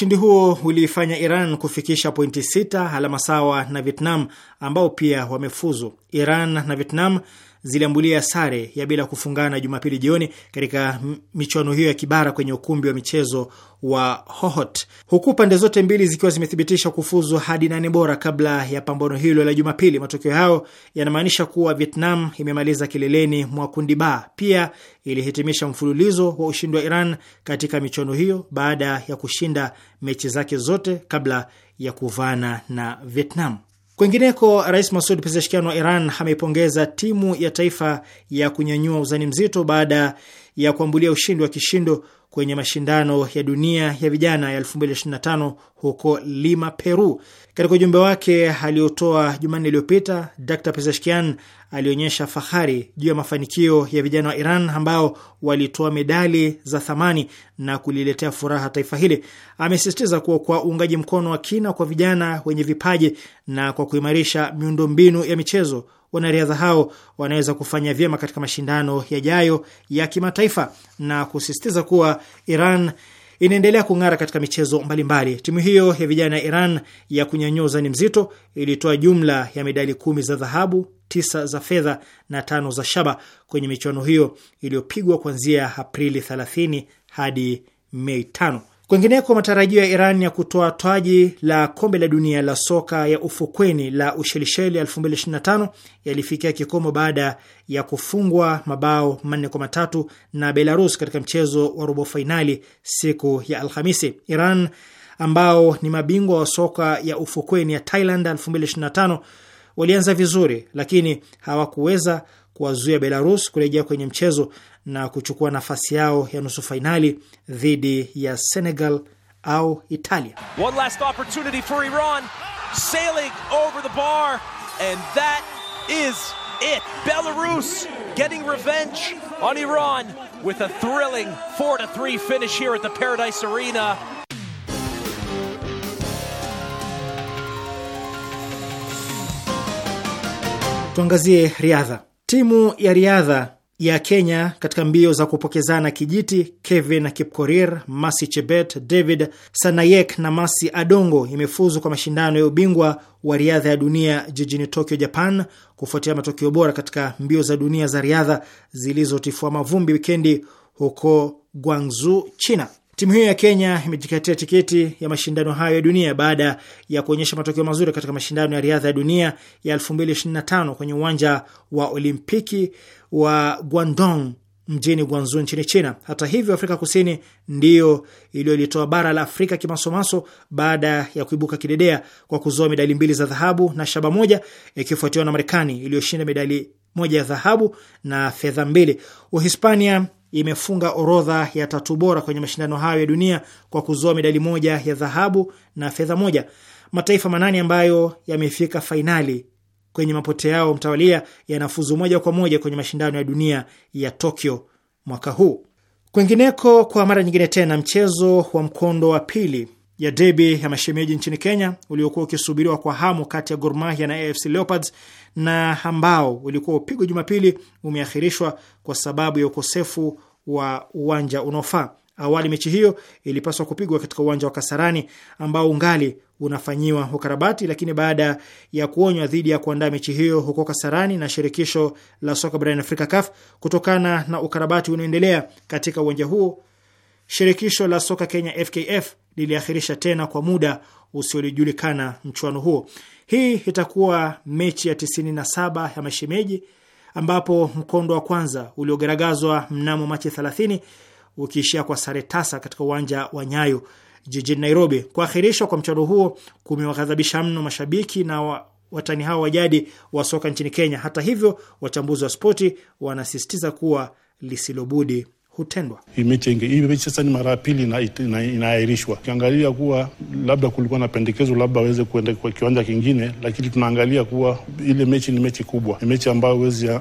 Ushindi huo uliifanya Iran kufikisha pointi sita, alama sawa na Vietnam ambao pia wamefuzu. Iran na Vietnam ziliambulia sare ya bila kufungana Jumapili jioni katika michuano hiyo ya kibara kwenye ukumbi wa michezo wa Hohot, huku pande zote mbili zikiwa zimethibitisha kufuzu hadi nane bora kabla ya pambano hilo la Jumapili. Matokeo hayo yanamaanisha kuwa Vietnam imemaliza kileleni mwa kundi ba. Pia ilihitimisha mfululizo wa ushindi wa Iran katika michuano hiyo baada ya kushinda mechi zake zote kabla ya kuvana na Vietnam. Kwingineko, Rais Masud Pezeshkian wa Iran ameipongeza timu ya taifa ya kunyanyua uzani mzito baada ya kuambulia ushindi wa kishindo kwenye mashindano ya dunia ya vijana ya 2025 huko Lima, Peru. Katika ujumbe wake aliotoa Jumanne iliyopita, Dr Pezeshkian alionyesha fahari juu ya mafanikio ya vijana wa Iran ambao walitoa medali za thamani na kuliletea furaha taifa hili. Amesisitiza kuwa kwa uungaji mkono wa kina kwa vijana wenye vipaji na kwa kuimarisha miundombinu ya michezo wanariadha hao wanaweza kufanya vyema katika mashindano yajayo ya kimataifa na kusisitiza kuwa Iran inaendelea kung'ara katika michezo mbalimbali. Timu hiyo ya vijana ya Iran ya kunyanyua uzani mzito ilitoa jumla ya medali kumi za dhahabu, tisa za fedha na tano za shaba kwenye michuano hiyo iliyopigwa kuanzia Aprili 30 hadi Mei tano. Kwengineko, matarajio ya Iran ya kutoa taji la kombe la dunia la soka ya ufukweni la Ushelisheli 2025 yalifikia kikomo baada ya kufungwa mabao manne kwa matatu na Belarus katika mchezo wa robo fainali siku ya Alhamisi. Iran ambao ni mabingwa wa soka ya ufukweni ya Thailand 2025 walianza vizuri, lakini hawakuweza kuwazuia Belarus kurejea kwenye mchezo na kuchukua nafasi yao ya nusu fainali dhidi ya Senegal au Italia. One last opportunity for Iran sailing over the bar and that is it. Belarus getting revenge on Iran with a thrilling 4-3 finish here at the Paradise Arena. Tuangazie riadha. Timu ya riadha ya Kenya katika mbio za kupokezana kijiti, Kevin Kipkorir, Masi Chebet, David Sanayek na Masi Adongo imefuzu kwa mashindano ya ubingwa wa riadha ya dunia jijini Tokyo, Japan, kufuatia matokeo bora katika mbio za dunia za riadha zilizotifua mavumbi wikendi huko Guangzhou, China. Timu hiyo ya Kenya imejikatia tiketi ya mashindano hayo ya dunia baada ya kuonyesha matokeo mazuri katika mashindano ya riadha ya dunia ya 2025 kwenye uwanja wa Olimpiki wa Guangdong mjini Guangzhou nchini China. Hata hivyo, Afrika Kusini ndiyo iliyolitoa bara la Afrika kimasomaso baada ya kuibuka kidedea kwa kuzoa medali mbili za dhahabu na shaba moja, ikifuatiwa na Marekani iliyoshinda medali moja ya dhahabu na fedha mbili. Uhispania imefunga orodha ya tatu bora kwenye mashindano hayo ya dunia kwa kuzoa medali moja ya dhahabu na fedha moja. Mataifa manane ambayo yamefika fainali kwenye mapote yao mtawalia yanafuzu moja kwa moja kwenye mashindano ya dunia ya Tokyo mwaka huu. Kwingineko, kwa mara nyingine tena, mchezo wa mkondo wa pili ya debi ya mashemeji nchini Kenya uliokuwa ukisubiriwa kwa hamu kati ya Gor Mahia na AFC Leopards na ambao ulikuwa upigwa Jumapili umeahirishwa kwa sababu ya ukosefu wa uwanja unaofaa. Awali mechi hiyo ilipaswa kupigwa katika uwanja wa Kasarani ambao ungali unafanyiwa ukarabati, lakini baada ya kuonywa dhidi ya kuandaa mechi hiyo huko Kasarani na shirikisho la soka barani Afrika CAF kutokana na ukarabati unaoendelea katika uwanja huo Shirikisho la soka Kenya FKF liliakhirisha tena kwa muda usiojulikana mchuano huo. Hii itakuwa mechi ya 97 ya mashemeji, ambapo mkondo wa kwanza uliogaragazwa mnamo Machi 30 ukiishia kwa sare tasa katika uwanja wa Nyayo jijini Nairobi. Kuahirishwa kwa mchuano huo kumewaghadhabisha mno mashabiki na wa watani hao wa jadi wa soka nchini Kenya. Hata hivyo, wachambuzi wa spoti wanasisitiza kuwa lisilobudi hutendwa. Imechenge hii mechi sasa ni mara ya pili inaahirishwa, ukiangalia kuwa labda kulikuwa na pendekezo labda aweze kuenda kwa kiwanja kingine, lakini tunaangalia kuwa ile mechi ni mechi kubwa, ni mechi ambayo wezi uh,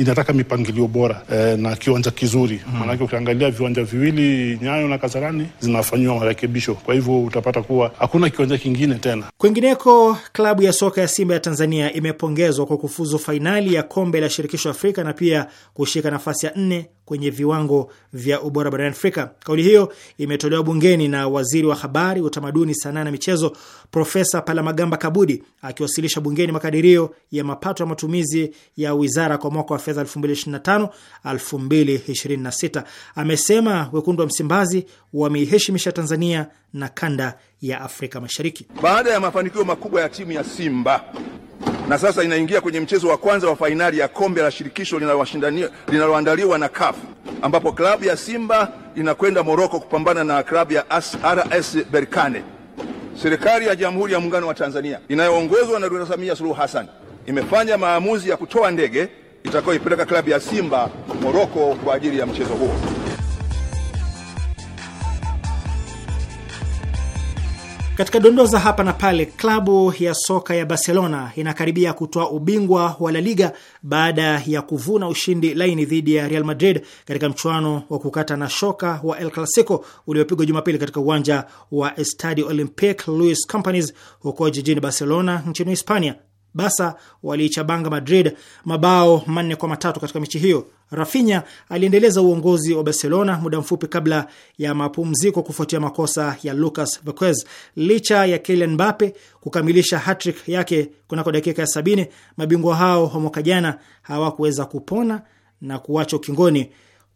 inataka mipangilio bora uh, na kiwanja kizuri mm. Maanake ukiangalia viwanja viwili Nyayo na Kasarani zinafanyiwa marekebisho, kwa hivyo utapata kuwa hakuna kiwanja kingine tena. Kwingineko, klabu ya soka ya Simba ya Tanzania imepongezwa kwa kufuzu fainali ya kombe la shirikisho Afrika na pia kushika nafasi ya nne kwenye viwango vya ubora barani Afrika. Kauli hiyo imetolewa bungeni na waziri wa habari, utamaduni, sanaa na michezo Profesa Palamagamba Kabudi akiwasilisha bungeni makadirio ya mapato ya matumizi ya wizara kwa mwaka wa fedha 2025 2026. Amesema wekundu wa Msimbazi wameiheshimisha Tanzania na kanda ya Afrika Mashariki. Baada ya mafanikio makubwa ya timu ya Simba na sasa inaingia kwenye mchezo wa kwanza wa fainali ya kombe la shirikisho linaloandaliwa na CAF ambapo klabu ya Simba inakwenda Moroko kupambana na klabu ya RS Berkane. Serikali ya Jamhuri ya Muungano wa Tanzania inayoongozwa na Dr. Samia Suluhu Hassan imefanya maamuzi ya kutoa ndege itakayoipeleka klabu ya Simba Moroko kwa ajili ya mchezo huo. Katika dondoo za hapa na pale, klabu ya soka ya Barcelona inakaribia kutoa ubingwa wa La Liga baada ya kuvuna ushindi laini dhidi ya Real Madrid katika mchuano wa kukata na shoka wa El Clasico uliopigwa Jumapili katika uwanja wa Estadio Olympic Luis Companies huko jijini Barcelona nchini Hispania. Basa waliichabanga Madrid mabao manne kwa matatu katika mechi hiyo. Rafinha aliendeleza uongozi wa Barcelona muda mfupi kabla ya mapumziko kufuatia makosa ya Lucas Vazquez. Licha ya Kylian Mbappe kukamilisha hatrick yake kunako dakika ya sabini, mabingwa hao wa mwaka jana hawakuweza kupona na kuwacha ukingoni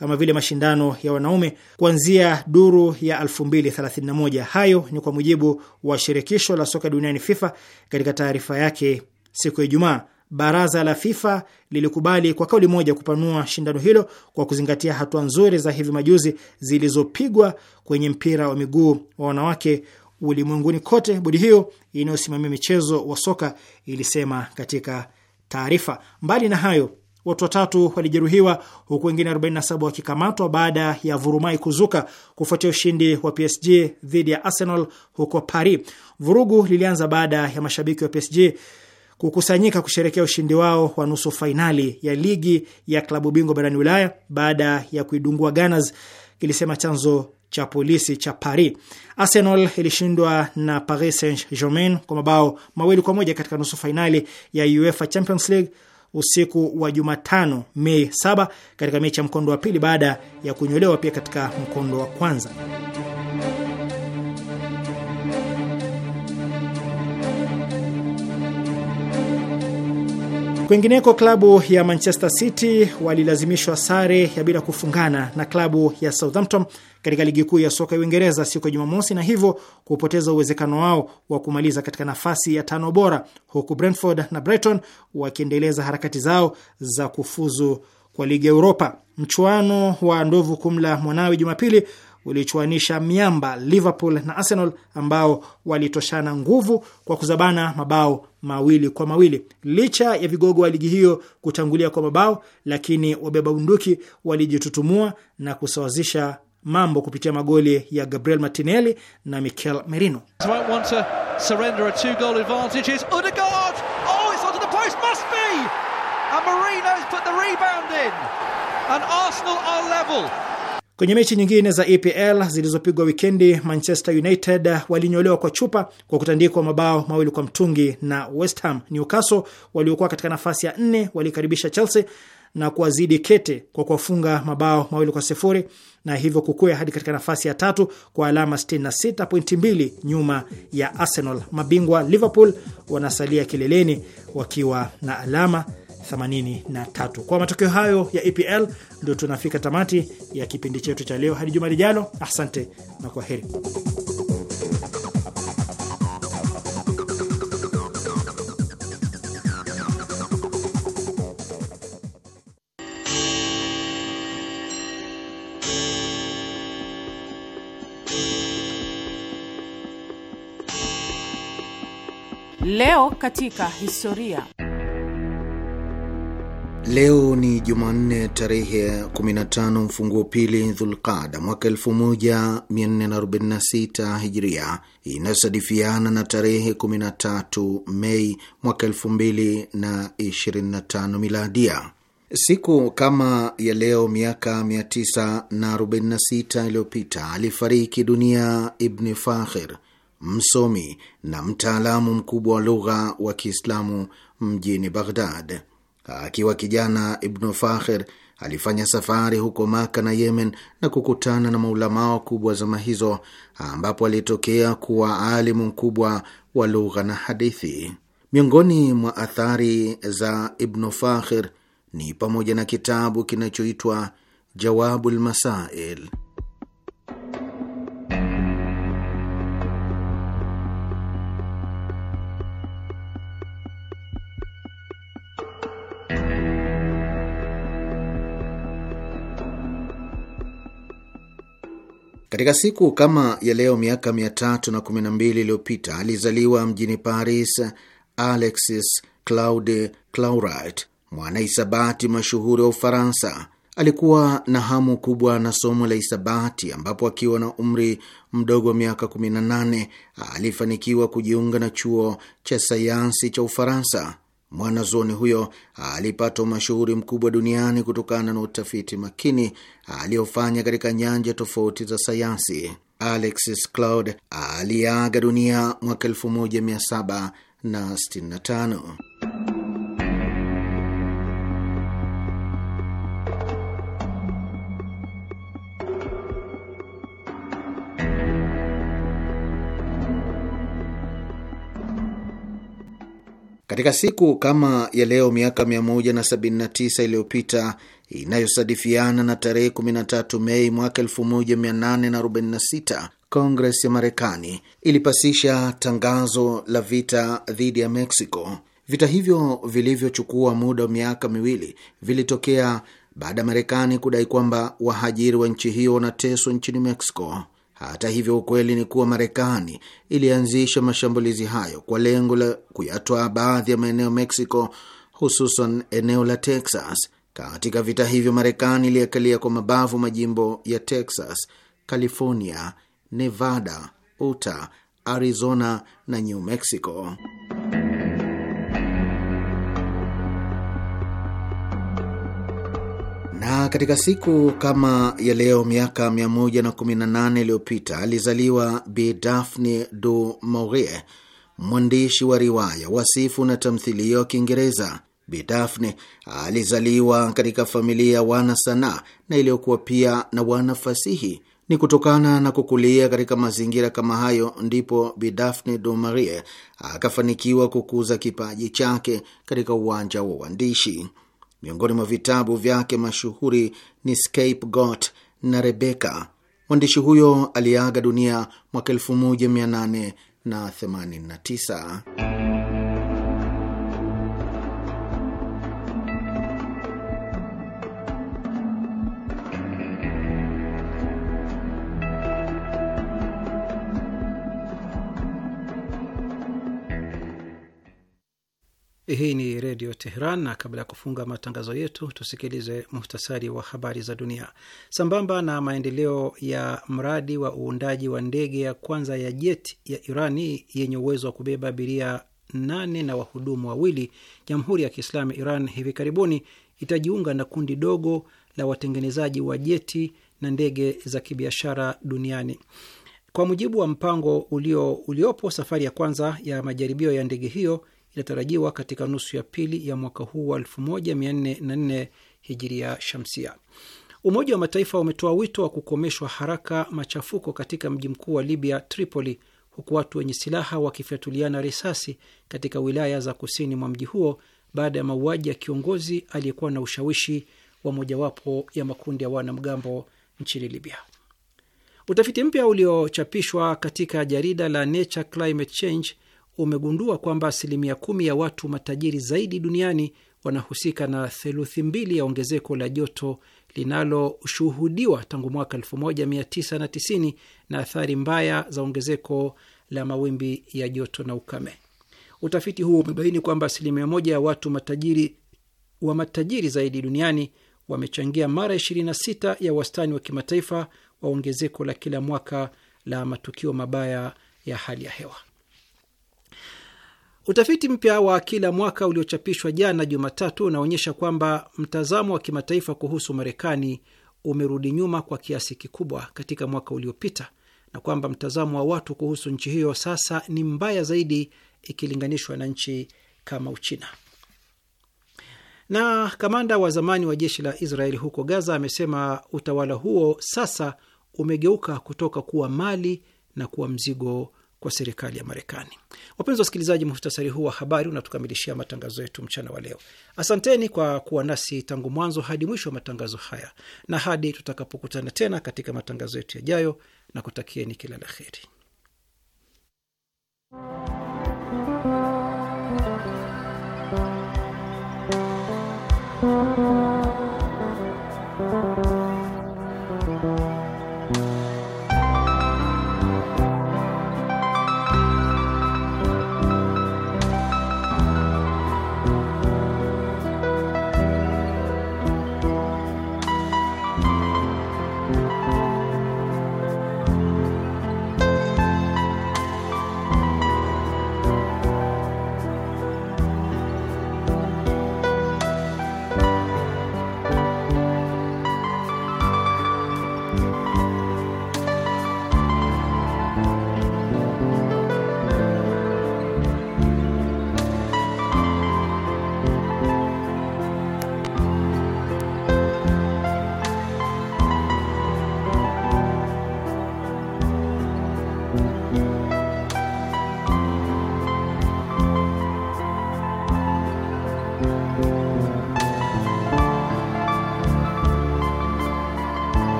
kama vile mashindano ya wanaume kuanzia duru ya 2031. Hayo ni kwa mujibu wa shirikisho la soka duniani FIFA katika taarifa yake siku ya Ijumaa. Baraza la FIFA lilikubali kwa kauli moja kupanua shindano hilo kwa kuzingatia hatua nzuri za hivi majuzi zilizopigwa kwenye mpira wa miguu wa wanawake ulimwenguni kote. Bodi hiyo inayosimamia michezo wa soka ilisema katika taarifa. Mbali na hayo Watu watatu walijeruhiwa huku wengine 47 wakikamatwa baada ya vurumai kuzuka kufuatia ushindi wa PSG dhidi ya Arsenal huko Paris. Vurugu lilianza baada ya mashabiki wa PSG kukusanyika kusherekea ushindi wao wa nusu fainali ya ligi ya klabu bingwa barani Ulaya baada ya kuidungua Gunners, kilisema chanzo cha polisi cha Paris. Arsenal ilishindwa na Paris Saint-Germain kwa mabao mawili kwa moja katika nusu fainali ya UEFA Champions League usiku wa Jumatano Mei 7 katika mechi ya mkondo wa pili baada ya kunyolewa pia katika mkondo wa kwanza. Kwingineko, klabu ya Manchester City walilazimishwa sare ya bila kufungana na klabu ya Southampton katika ligi kuu ya soka ya Uingereza siku ya Jumamosi na hivyo kupoteza uwezekano wao wa kumaliza katika nafasi ya tano bora, huku Brentford na Brighton wakiendeleza harakati zao za kufuzu kwa ligi ya Uropa. Mchuano wa ndovu kumla mwanawe Jumapili ulichuanisha miamba Liverpool na Arsenal ambao walitoshana nguvu kwa kuzabana mabao mawili kwa mawili. Licha ya vigogo wa ligi hiyo kutangulia kwa mabao, lakini wabeba bunduki walijitutumua na kusawazisha mambo kupitia magoli ya Gabriel Martinelli na Mikel Merino. Oh, And Arsenal are level. Kwenye mechi nyingine za EPL zilizopigwa wikendi, Manchester United walinyolewa kwa chupa kwa kutandikwa mabao mawili kwa mtungi na West Ham. Newcastle waliokuwa katika nafasi ya nne walikaribisha Chelsea na kuwazidi kete kwa kuwafunga mabao mawili kwa sifuri na hivyo kukwea hadi katika nafasi ya tatu kwa alama 66 pointi mbili nyuma ya Arsenal. Mabingwa Liverpool wanasalia kileleni wakiwa na alama 83. Kwa matokeo hayo ya EPL ndio tunafika tamati ya kipindi chetu cha leo. Hadi juma lijalo, asante na kwa heri. Leo katika historia. Leo ni Jumanne tarehe 15 mfunguo pili Dhulqada mwaka 1446 Hijria, inayosadifiana na tarehe 13 Mei mwaka 2025 Miladia. Siku kama ya leo miaka 946 iliyopita alifariki dunia Ibni Fakhir, msomi na mtaalamu mkubwa wa lugha wa Kiislamu mjini Baghdad. Akiwa kijana, Ibnu Fakhir alifanya safari huko Maka na Yemen na kukutana na maulamaa wakubwa zama hizo, ambapo alitokea kuwa alimu mkubwa wa lugha na hadithi. Miongoni mwa athari za Ibnu Fakhir ni pamoja na kitabu kinachoitwa Jawabu lmasail Katika siku kama ya leo miaka mia tatu na na kumi mbili iliyopita alizaliwa mjini Paris Alexis Claude Clairaut, mwanahisabati mashuhuri wa Ufaransa. Alikuwa na hamu kubwa na somo la hisabati, ambapo akiwa na umri mdogo wa miaka 18 alifanikiwa kujiunga na chuo cha sayansi cha Ufaransa. Mwanazuoni huyo alipata umashuhuri mkubwa duniani kutokana na utafiti makini aliyofanya katika nyanja tofauti za sayansi. Alexis Cloud aliaga dunia mwaka 1765. Katika siku kama ya leo miaka 179 iliyopita inayosadifiana na tarehe 13 Mei mwaka 1846 Kongres ya Marekani ilipasisha tangazo la vita dhidi ya Mexico. Vita hivyo vilivyochukua muda wa miaka miwili vilitokea baada ya Marekani kudai kwamba wahajiri wa nchi hiyo wanateswa nchini Mexico. Hata hivyo, ukweli ni kuwa Marekani ilianzisha mashambulizi hayo kwa lengo la kuyatwaa baadhi ya maeneo Mexico, hususan eneo la Texas. Katika vita hivyo, Marekani iliakalia kwa mabavu majimbo ya Texas, California, Nevada, Utah, Arizona na New Mexico. Na katika siku kama ya leo miaka 118 iliyopita alizaliwa Bi Daphne du Maurier, mwandishi wa riwaya, wasifu na tamthilio wa Kiingereza. Bi Daphne alizaliwa katika familia ya wana sanaa na iliyokuwa pia na wana fasihi. Ni kutokana na kukulia katika mazingira kama hayo ndipo Bi Daphne du Maurier akafanikiwa kukuza kipaji chake katika uwanja wa uandishi. Miongoni mwa vitabu vyake mashuhuri ni Scapegoat na Rebecca. Mwandishi huyo aliaga dunia mwaka 1889. Hii ni Redio Teheran, na kabla ya kufunga matangazo yetu tusikilize muhtasari wa habari za dunia. Sambamba na maendeleo ya mradi wa uundaji wa ndege ya kwanza ya jeti ya Irani yenye uwezo wa kubeba abiria nane na wahudumu wawili, Jamhuri ya Kiislamu Iran hivi karibuni itajiunga na kundi dogo la watengenezaji wa jeti na ndege za kibiashara duniani. Kwa mujibu wa mpango ulio uliopo, safari ya kwanza ya majaribio ya ndege hiyo inatarajiwa katika nusu ya pili ya mwaka huu wa 1404 hijiria shamsia. Umoja wa Mataifa umetoa wito wa kukomeshwa haraka machafuko katika mji mkuu wa Libya, Tripoli, huku watu wenye silaha wakifyatuliana risasi katika wilaya za kusini mwa mji huo baada ya mauaji ya kiongozi aliyekuwa na ushawishi wa mojawapo ya makundi ya wanamgambo nchini Libya. Utafiti mpya uliochapishwa katika jarida la Nature Climate Change umegundua kwamba asilimia kumi ya watu matajiri zaidi duniani wanahusika na theluthi mbili ya ongezeko la joto linaloshuhudiwa tangu mwaka 1990 na athari mbaya za ongezeko la mawimbi ya joto na ukame. Utafiti huu umebaini kwamba asilimia moja ya watu matajiri wa matajiri zaidi duniani wamechangia mara 26 ya wastani wa kimataifa wa ongezeko la kila mwaka la matukio mabaya ya hali ya hewa. Utafiti mpya wa kila mwaka uliochapishwa jana Jumatatu unaonyesha kwamba mtazamo wa kimataifa kuhusu Marekani umerudi nyuma kwa kiasi kikubwa katika mwaka uliopita na kwamba mtazamo wa watu kuhusu nchi hiyo sasa ni mbaya zaidi ikilinganishwa na nchi kama Uchina. Na kamanda wa zamani wa jeshi la Israeli huko Gaza amesema utawala huo sasa umegeuka kutoka kuwa mali na kuwa mzigo kwa serikali ya Marekani. Wapenzi wasikilizaji, muhtasari huu wa habari unatukamilishia matangazo yetu mchana wa leo. Asanteni kwa kuwa nasi tangu mwanzo hadi mwisho wa matangazo haya, na hadi tutakapokutana tena katika matangazo yetu yajayo, na kutakieni kila la heri.